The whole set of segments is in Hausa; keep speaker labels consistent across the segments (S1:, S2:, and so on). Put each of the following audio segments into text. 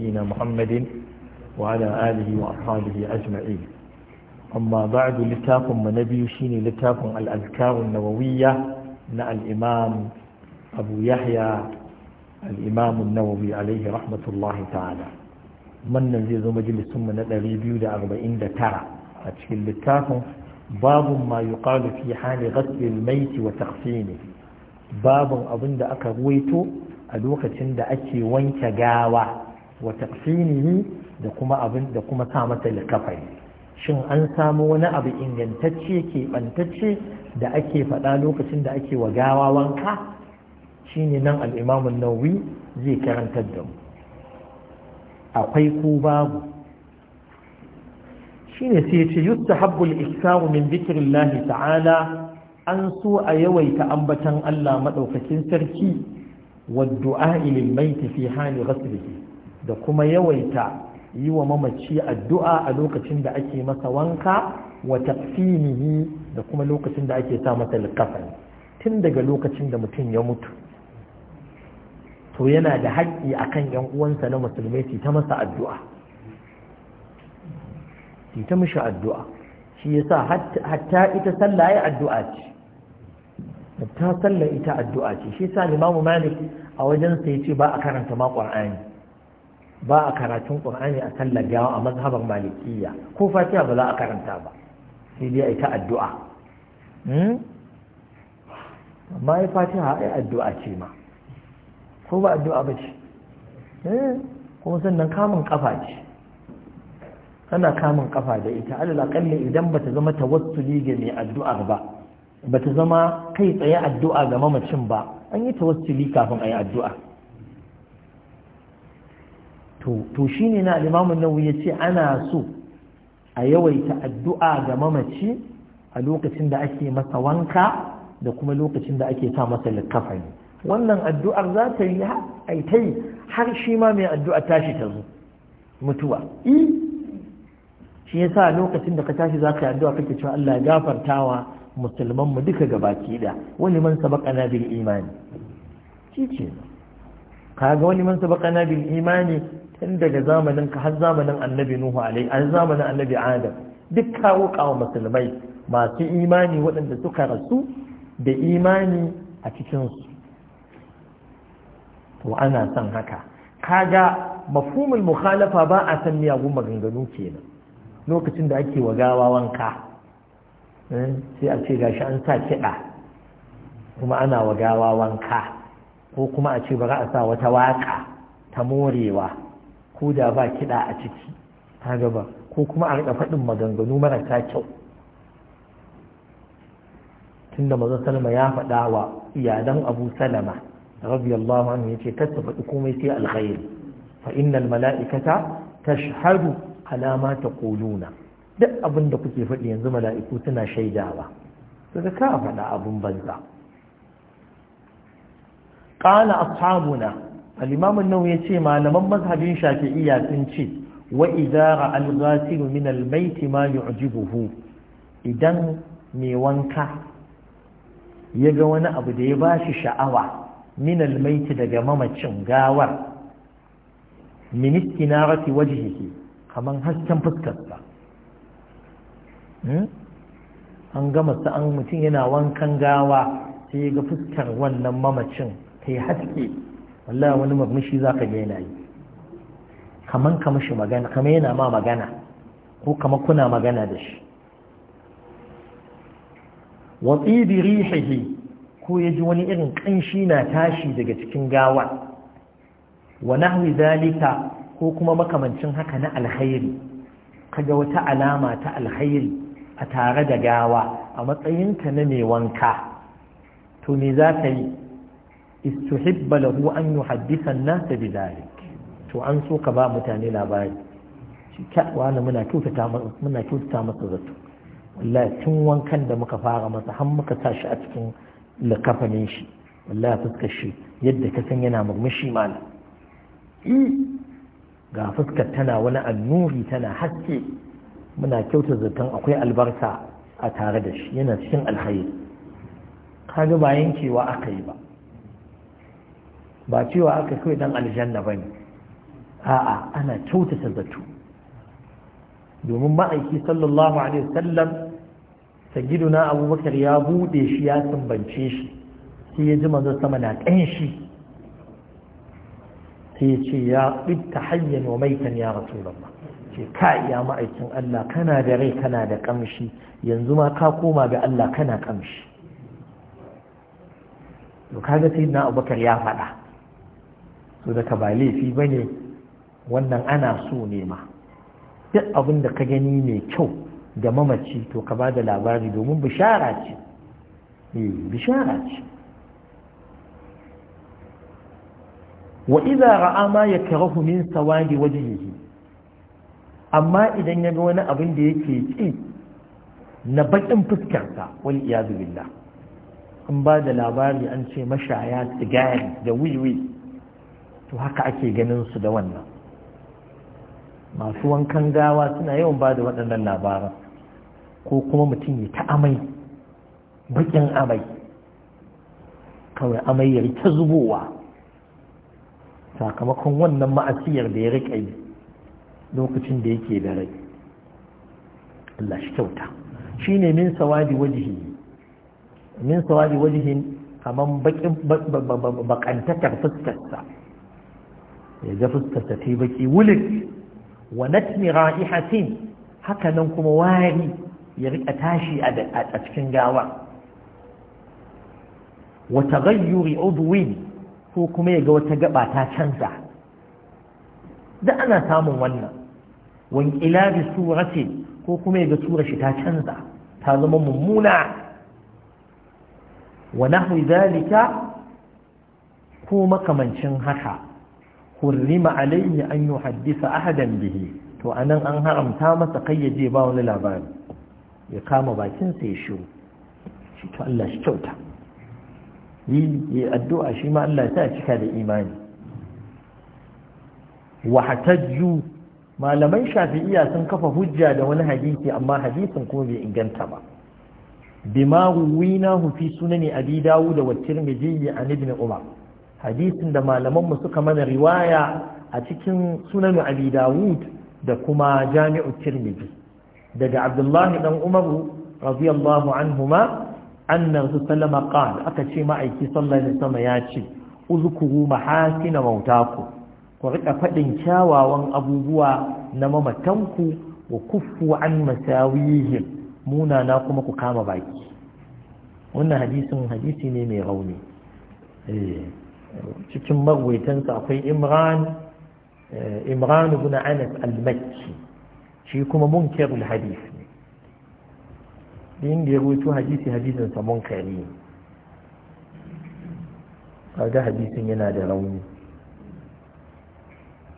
S1: نبينا محمد وعلى آله وأصحابه أجمعين أما بعد لتاف ونبي شيني لتاف الأذكار النووية نا الإمام أبو يحيى الإمام النووي عليه رحمة الله تعالى من نزيز مجلس من الريبيو لأربعين دترى أتشكل لتاف باب ما يقال في حال غسل الميت وتخفينه باب أظن أكويته a lokacin da ake wanke gawa wa taqsinihi da kuma abin da kuma sa masa likafani shin an samu wani abu ingantacce keɓantacce da ake faɗa lokacin da ake wa gawa wanka shine nan al'imamun nauyi zai karantar da mu akwai ko babu shine sai ce yustahabbu al-iksaru min dhikrillahi ta'ala an so a yawaita ambatan Allah maɗaukakin sarki wa du'a lil mayt fi hali ghaslihi da kuma yawaita yi wa mamaci addu'a a lokacin da ake masa wanka wa tafsinihi. da kuma lokacin da ake sa masa likafani tun daga lokacin da mutum ya mutu to yana da haƙƙi akan yan uwansa na musulmai su ta masa addu'a su ta mishi addu'a shi yasa hatta ita sallah ya addu'a ce hatta sallah ita addu'a ce shi yasa limamu Malik a wajen ya ce ba a karanta ma Qur'ani ba a karatun ƙur'ani a sallar gawa a mazhabar malikiya ko fatiha ba za a karanta ba sai dai a yi ta addu'a hmm? amma ya fatiha ai addu'a ce ma ko ba addu'a ba ce eh, kuma sannan kamun kafa ce Kana kamun kafa da ita alal akalli idan bata zama tawassuli ga mai addu'a ba bata zama kai tsaye addu'a ga mamacin ba an yi tawassuli kafin a addu'a to ne na limamin ya ce ana so a yawaita addu'a ga mamaci a lokacin da ake masa wanka da kuma lokacin da ake sa masa likafani wannan addu'ar za ta yi aitai har shi ma mai addu'a tashi ta zo mutuwa i shi yasa lokacin da ka tashi za ka yi addu'a kake cewa Allah ya gafartawa musulman mu duka gabaki da wani man sabaqana bil imani shi ce kaga wani man sabaqana bil imani tun daga zamanin ka har zamanin annabi nuhu alai har zamanin annabi adam duk kawo kawo musulmai masu imani waɗanda suka rasu da imani a cikinsu to ana son haka kaga mafhumul mukhalafa ba a san miyagun maganganu kenan lokacin da ake wa gawa wanka eh, sai a ce gashi an sa kiɗa kuma ana wa gawa wanka ko kuma a ce bari a sa wata waka ta morewa ko da ba kiɗa a ciki ta gaba ko kuma a riƙa faɗin maganganu marasa kyau tunda maza salama ya faɗa wa iyalan abu salama radiyallahu ya ce kar ta faɗi komai sai alkhairi fa innal mala'ikata tashhadu ala ma taquluna duk abin da kuke faɗi yanzu mala'iku suna shaidawa daga ka faɗa abin banza qala ashabuna al'imamun nau ya ce malaman mazhabin shafi'iyya sun ce wa idara al-ghasilu min al-maiti ma yu'jibuhu idan mai wanka ya ga wani abu da ya bashi sha'awa min al-maiti daga mamacin gawar min istinarati wajhihi kaman hasken fuskarsa hmm? an gama sa'an mutum yana wankan gawa sai yaga ga fuskar wannan mamacin ta yi haske wallahi wani murmushi za ka yana yi kaman ka mashi magana kama yana ma magana ko kama kuna magana da shi watsi bi rihihi ko ya ji wani irin ƙanshi na tashi daga cikin gawa wa nahwi zalika ko kuma makamancin haka na alkhairi kaga wata alama ta alkhairi a tare da gawa a matsayinka na mai wanka to me za ka yi istuhibba lahu an yuhaddisa an-nas bidhalik to an so ka ba mutane labari ka wani muna kyautata muna kyautata masa zato wallahi tun wankan da muka fara masa har muka sa shi a cikin lakafanin shi wallahi fuskar shi yadda ka san yana murmushi mana ga fuskar tana wani annuri tana haske muna kyauta zaton akwai albarka a tare da shi yana cikin alhairi kaga ba yankewa aka yi ba ba cewa aka kai dan aljanna ba ne. a'a ana kyautata zato domin ma'aiki sallallahu alaihi wasallam sayyiduna abubakar ya bude shi ya sumbance shi sai ya ji manzo sama na shi. sai ya ce ya bitta hayyan wa maitan ya rasulullah ce ka iya ma'aikin Allah kana da rai kana da kamshi yanzu ma ka koma ga Allah kana kamshi to kaga sai na abubakar ya faɗa so daga ba laifi ba ne wannan ana so nema. ma duk abin da ka gani mai kyau da mamaci to ka ba da labari domin bishara ce eh, bishara ce wa iza ra'a ma yakrahu min sawadi wajhihi amma idan ya ga wani abin da yake ki na bakin fuskarsa wal iyadu billah an ba da labari an ce mashaya sigari da wiwi to haka ake ganin su da wannan masu wankan gawa suna yawan ba da waɗannan labaran ko kuma mutum ya ta amai bakin amai kawai amai ya ta zubowa sakamakon wannan ma'asiyar da ya riƙa yi lokacin da yake da rai Allah shi kyauta shi ne min sawadi wajihi min sawadi wajihin kamar bakantakar fuskarsa ya ga fuskarsa ta baki wulik wa natmi ra'ihatin haka nan kuma wari ya rika tashi a cikin gawa wa taghayyuri udwin ko kuma ya ga wata gaba ta canza da ana samun wannan wa inqilabi surati ko kuma ya ga sura shi ta canza ta zama mummuna wa nahwi zalika ko makamancin haka hurrima alayhi an yuhaddisa ahadan bihi to anan an haramta masa kai ya je ba wani labari ya kama bakin ya shiru shi to Allah shi kyauta yi addu'a shi ma Allah ya cika da imani wa hatajju malaman shafi'iya sun kafa hujja da wani hadisi amma hadisin kuma bai inganta ba bima ruwinahu fi sunani abi dawud wa tirmidhi an ibn umar hadisin da malamanmu suka mana riwaya a cikin sunan abi dawud da kuma jami'u tirmidhi daga abdullahi dan umaru radiyallahu anhuma anna sallama qala aka ce ma'aiki sallallahu alaihi wasallam ya ce uzkuru mahasin mautaku ku rika fadin kyawawan abubuwa na mamatanku wa kuffu an muna na kuma ku kama baki wannan hadisin hadisi ne mai rauni eh. cikin magwaitansa akwai imran imran ibn anas al-makki shi kuma munkar al hadith ne inda ya rubuto hadisi hadisin sa munkari kaga hadisin yana da rauni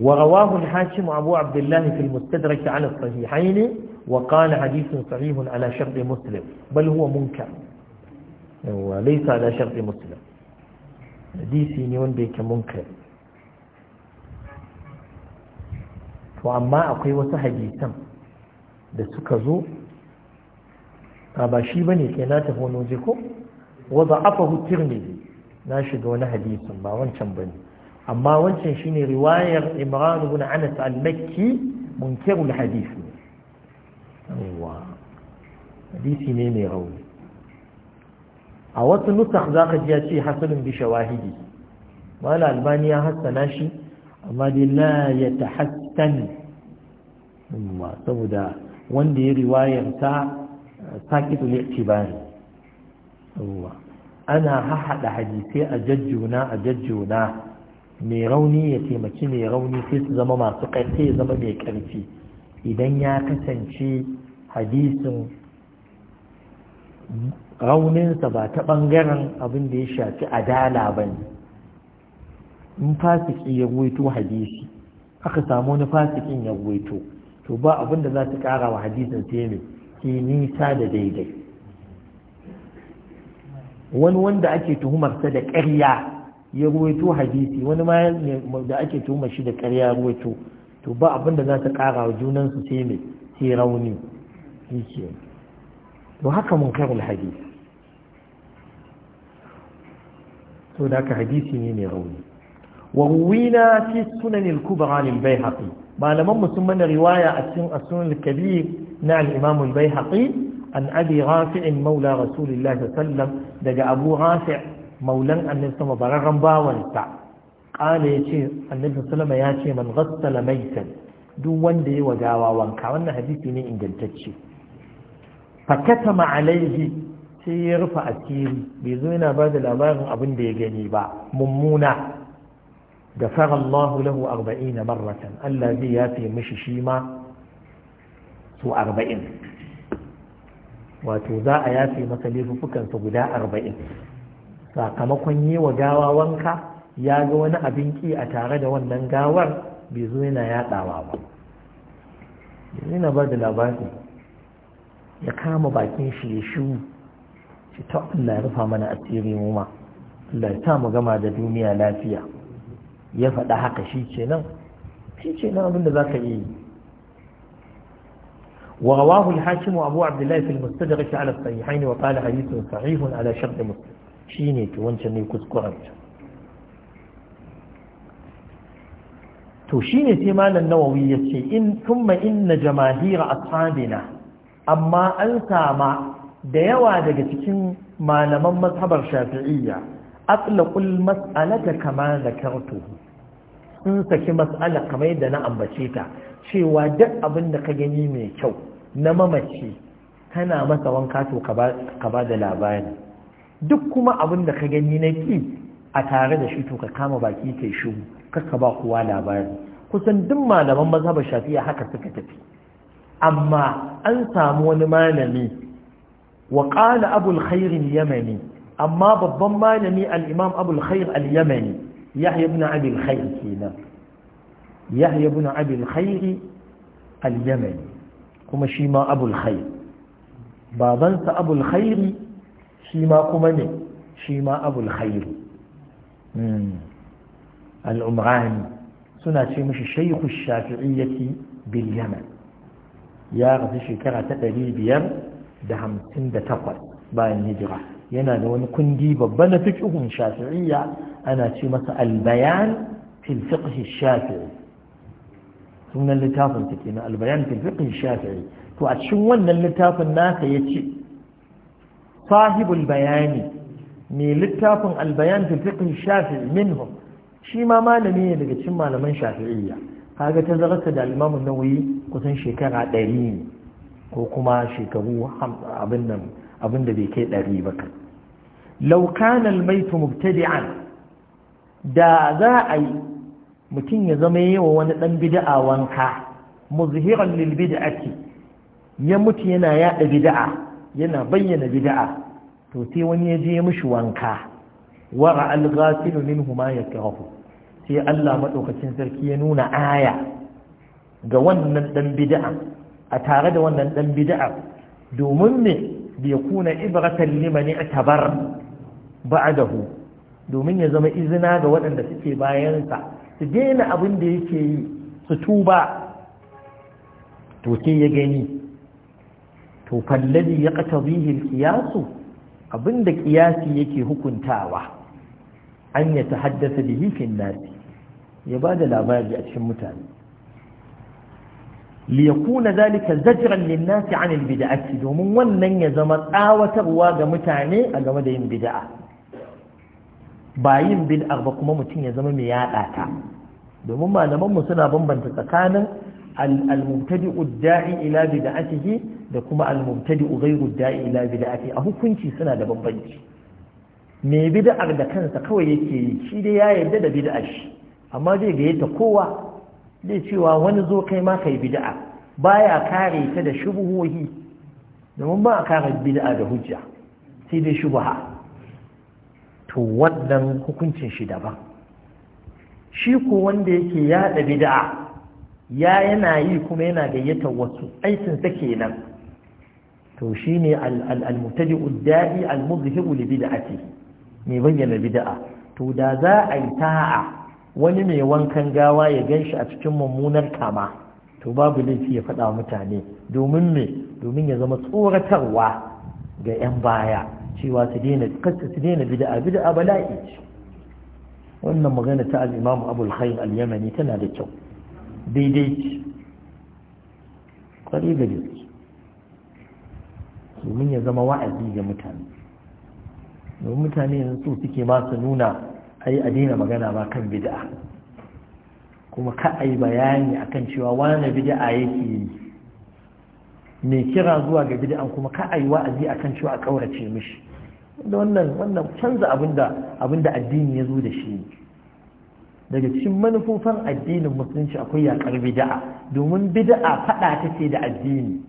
S1: ورواه الحاكم أبو عبد الله في المستدرك على الصحيحين وقال حديث صحيح على شرط مسلم بل هو منكر وليس على شرط مسلم hadisi ne wanda yake munkari to amma akwai wasu hadisan da suka zo a ba shi bane ke na tafi wani waje ko wadda afahu ne na shiga wani hadisin ba wancan bane amma wancan shine riwayar imran ibn anas al-makki munkirul hadisi ne hadisi ne mai rauni a wasu nusar za ka ji ya ce hasanin bisha shawahidi wani albani ya hassana shi amma dai na ya tahassan saboda wanda ya riwayar ta sakitu ne. ana hahada hadisai a jajjuna a jajjuna mai rauni ya taimaki mai rauni sai su zama masu ƙarfi ya zama mai ƙarfi idan ya kasance hadisin rauninsa ba ta ɓangaren abin da ya shafi adala ba ne in fasiki ya ruwaito hadisi aka samu wani fasikin ya ruwaito to ba abin da za ta ƙara wa hadisin sai ne sai nisa da daidai wani wanda ake tuhumarsa da ƙarya ya ruwaito hadisi wani ma da ake tuhumar shi da ƙarya ruwaito to ba abin da za ta ƙara wa junansu sai ne sai rauni shi to haka munkarul hadisi to da haka hadisi ne mai rauni wa ruwina fi sunan al-kubra lil bayhaqi malaman musulman riwaya a cikin as-sunan kabir na al-imam al-bayhaqi an abi rafi' maula rasulillah sallam daga abu rafi' maulan annabi sama bararran bawansa kale yace annabi sallama yace man ghassala maitan duk wanda ya wadawa wanka wannan hadisi ne ingantacce fakatama alaihi sai ya rufe asiri bai zo yana ba da labarin abin da ya gani ba mummuna da allahu lahu arba'in marratan Allah zai yafe mishi shi ma su arba'in wato za a yafe masa laifuffukansa guda arba'in sakamakon yi wa gawa wanka ya ga wani abin ki a tare da wannan gawar bai zo yana yaɗawa ba yana ba da labari ya kama bakin shi ya shu shi ta Allah ya rufa mana asiri mu ma Allah ya sa mu gama da duniya lafiya ya faɗa haka shi shi abin da yi ورواه الحاكم أبو عبد الله في المستدرك على الصحيحين وقال حديث صحيح على شرط مسلم شيني تونشني كذكرت تو شيني سيمان النووي يتشي إن ثم إن جماهير أصحابنا amma an sama da yawa daga cikin malaman mazhabar shafi'iyya atlaqul mas'alata kama zakartu sun saki mas'ala kamar da na ambace ta cewa duk abin da ka gani mai kyau na mamaci kana masa wanka to ka ba da labari duk kuma abin da ka gani na ki a tare da shi to ka kama baki kai shiru kaka ba kowa labari kusan duk malaman mazhabar shafi'a haka suka tafi amma an samu wani malami wa qala abul khair yamani amma babban malami al'imam imam abul khair al-yamani yahya ibn abi al-khair kenan yahya ibn abi al al-yamani kuma shi ma abul khair babansa abul khair shi ma kuma ne shi ma abul khair hmm. al suna ce mishi shaykhu shafi'iyyati bil yaman ya rasu shekara ta ɗari biyar da hamsin da takwas bayan hijira yana da wani kundi babba na fiqhun shafi'iyya ana ce masa albayan fil fiqh shafi'i sunan littafin ta na albayan fil fiqh shafi'i to a cikin wannan littafin naka yace sahibul bayani mai littafin albayan fil fiqh shafi'i minhum shi ma malami ne daga cikin malaman shafi'iyya kaga tazararsa da al'imamun nawayi kusan shekara ɗari ne ko kuma shekaru abin da bai kai ɗari ba kan laukanan maitu mubtadi'an da za a yi mutum ya zama yawa wa wani ɗan bida'a wanka muzhiran lil bid'ati ya mutu yana yaɗa bida'a yana bayyana bida'a to sai wani ya je mishi wanka wara al-ghasilu minhu ma yakrahu sai Allah maɗaukacin sarki ya nuna aya ga wannan ɗan bid'a a tare da wannan ɗan bida'a domin ne bai kuna ibratan limani atabar ba'dahu domin ya zama izina ga waɗanda suke bayansa su daina abin da yake yi su tuba to sai ya gani to falladi ya qatabihi al-qiyas abinda qiyasi yake hukuntawa an ya tahaddasa bihi fi nasi ya ba da labari a cikin mutane liyakuna zalika zajran linnasi anil bid'ati domin wannan ya zama tsawatarwa ga mutane a game da yin bid'a ba yin bid'a ba kuma mutum ya zama mai yada ta domin malaman mu suna bambanta tsakanin al-mubtadi'u da'i ila bid'atihi da kuma al-mubtadi'u ghayru da'i ila bid'ati a hukunci suna da bambanci mai bid'ar da kansa kawai yake yi shi dai ya yarda da bid'ar shi amma zai gayyata kowa zai cewa wani zo kai ma kai bid'a baya kare ta da shubuhohi domin ba a kare bid'a da hujja sai dai shubuha to wannan hukuncin shi daban shi ko wanda yake yada bid'a ya yana yi kuma yana gayyata wasu aikin sa kenan to shine al-mutadi'u da'i al-muzhibu li bid'ati mai bayyana bid'a to da za a yi ta'a wani mai wankan gawa ya gan shi a cikin mummunar kama to babu laifi ya faɗa mutane domin me domin ya zama tsoratarwa ga 'yan baya cewa su daina kasta su daina bid'a bid'a bala'i wannan magana ta al imamu Abu khair al-Yamani tana da kyau daidai ce kwari da jiki domin ya zama wa'azi ga mutane domin mutane yanzu su suke masu nuna ai a daina magana ba kan bid'a kuma ka ai bayani akan cewa wani bid'a yake yi mai kira zuwa ga bid'a kuma ka ai wa'azi akan cewa a kaurace mishi wannan wannan canza abinda abinda addini ya zo da shi daga cikin manufofin addinin musulunci akwai yakar bid'a domin bid'a fada take da addini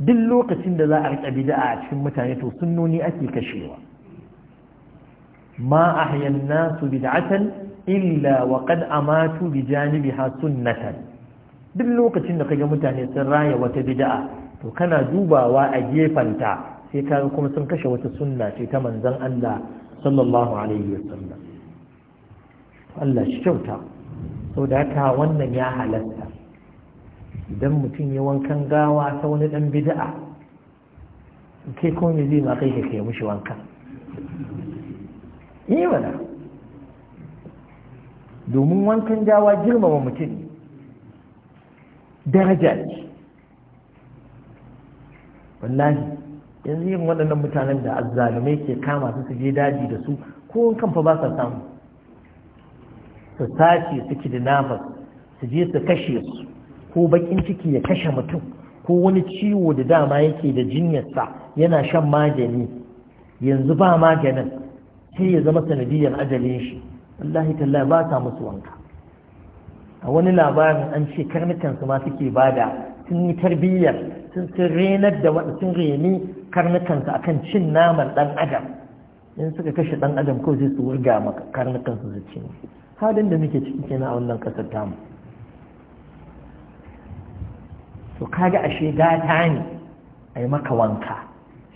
S1: duk lokacin da za a riƙa bida'a a cikin mutane to sunnoni ake kashewa ma ahyan nasu bid'atan illa wa qad amatu bi ha sunnatan duk lokacin da kaga mutane sun raya wata bida'a, to kana dubawa a gefanta sai kaga kuma sun kashe wata sunna ce ta manzon Allah sallallahu alaihi wasallam Allah shi kyauta da haka wannan ya halatta idan mutum ya wankan gawa ta wani dan bida'a ke ko me zai ma kai ka kai mushi wanka yi mana domin wankan gawa girmama mutum daraja ne wallahi yanzu yin waɗannan mutanen da azzalumai ke kama su je daji da su ko kanfa ba sa samu su sace su kidnappers su je su kashe su ko bakin ciki ya kashe mutum ko wani ciwo da dama yake da jinyarsa yana shan magani yanzu ba maganin sai ya zama sanadiyar ajalin shi wallahi talla ba ta musu wanka a wani labarin an ce karnukansu ma suke bada sun yi tarbiyyar sun renar da wani sun reni karnukansu akan cin naman dan adam in suka kashe dan adam ko zai su wurga maka karnukansu su ci halin da muke ciki kenan a wannan kasar tamu to ga ashe gata ne a yi maka wanka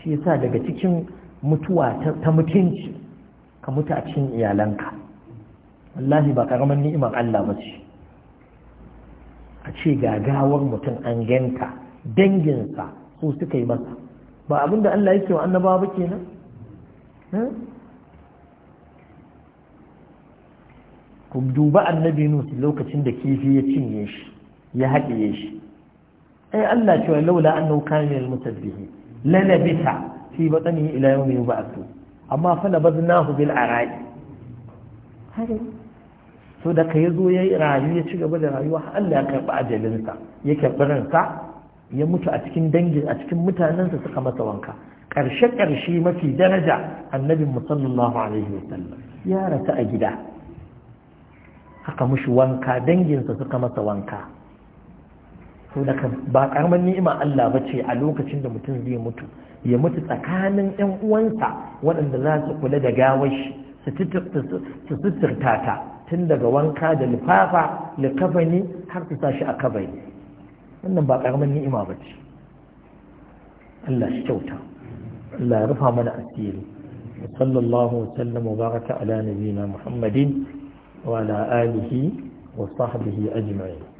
S1: shi yasa daga cikin mutuwa ta mutunci ka mutu a cikin iyalanka wallahi ba karamin ni'imar Allah ba ce a ce gagawar mutum an ganta danginsa su suka yi masa ba abinda Allah yake wa annabawa ba kenan ku duba annabi nusi lokacin da kifi ya cinye shi ya haɗiye shi ai Allah cewa laula annahu kana min al-musabbihin la labisa fi batnihi ila yawmi yub'athu amma fa labadnahu bil ara'i haka so da ka yazo yayi rayu ya ci gaba da rayuwa Allah ya karba ajalinsa ya karbi ransa ya mutu a cikin dangin a cikin mutanensa suka masa wanka karshe karshe mafi daraja annabin mu alaihi wasallam ya rasa a gida haka mushi wanka danginsa suka masa wanka so ba karamar ni'ima Allah ba ce a lokacin da mutum zai mutu ya mutu tsakanin yan uwansa waɗanda za su kula da gawar shi su suturta ta tun daga wanka da lifafa likafani har su sa shi a kabari wannan ba karamar ni'ima ba ce Allah shi kyauta Allah ya rufa mana asiri صلى الله وسلم وبارك على نبينا محمد وعلى آله وصحبه أجمعين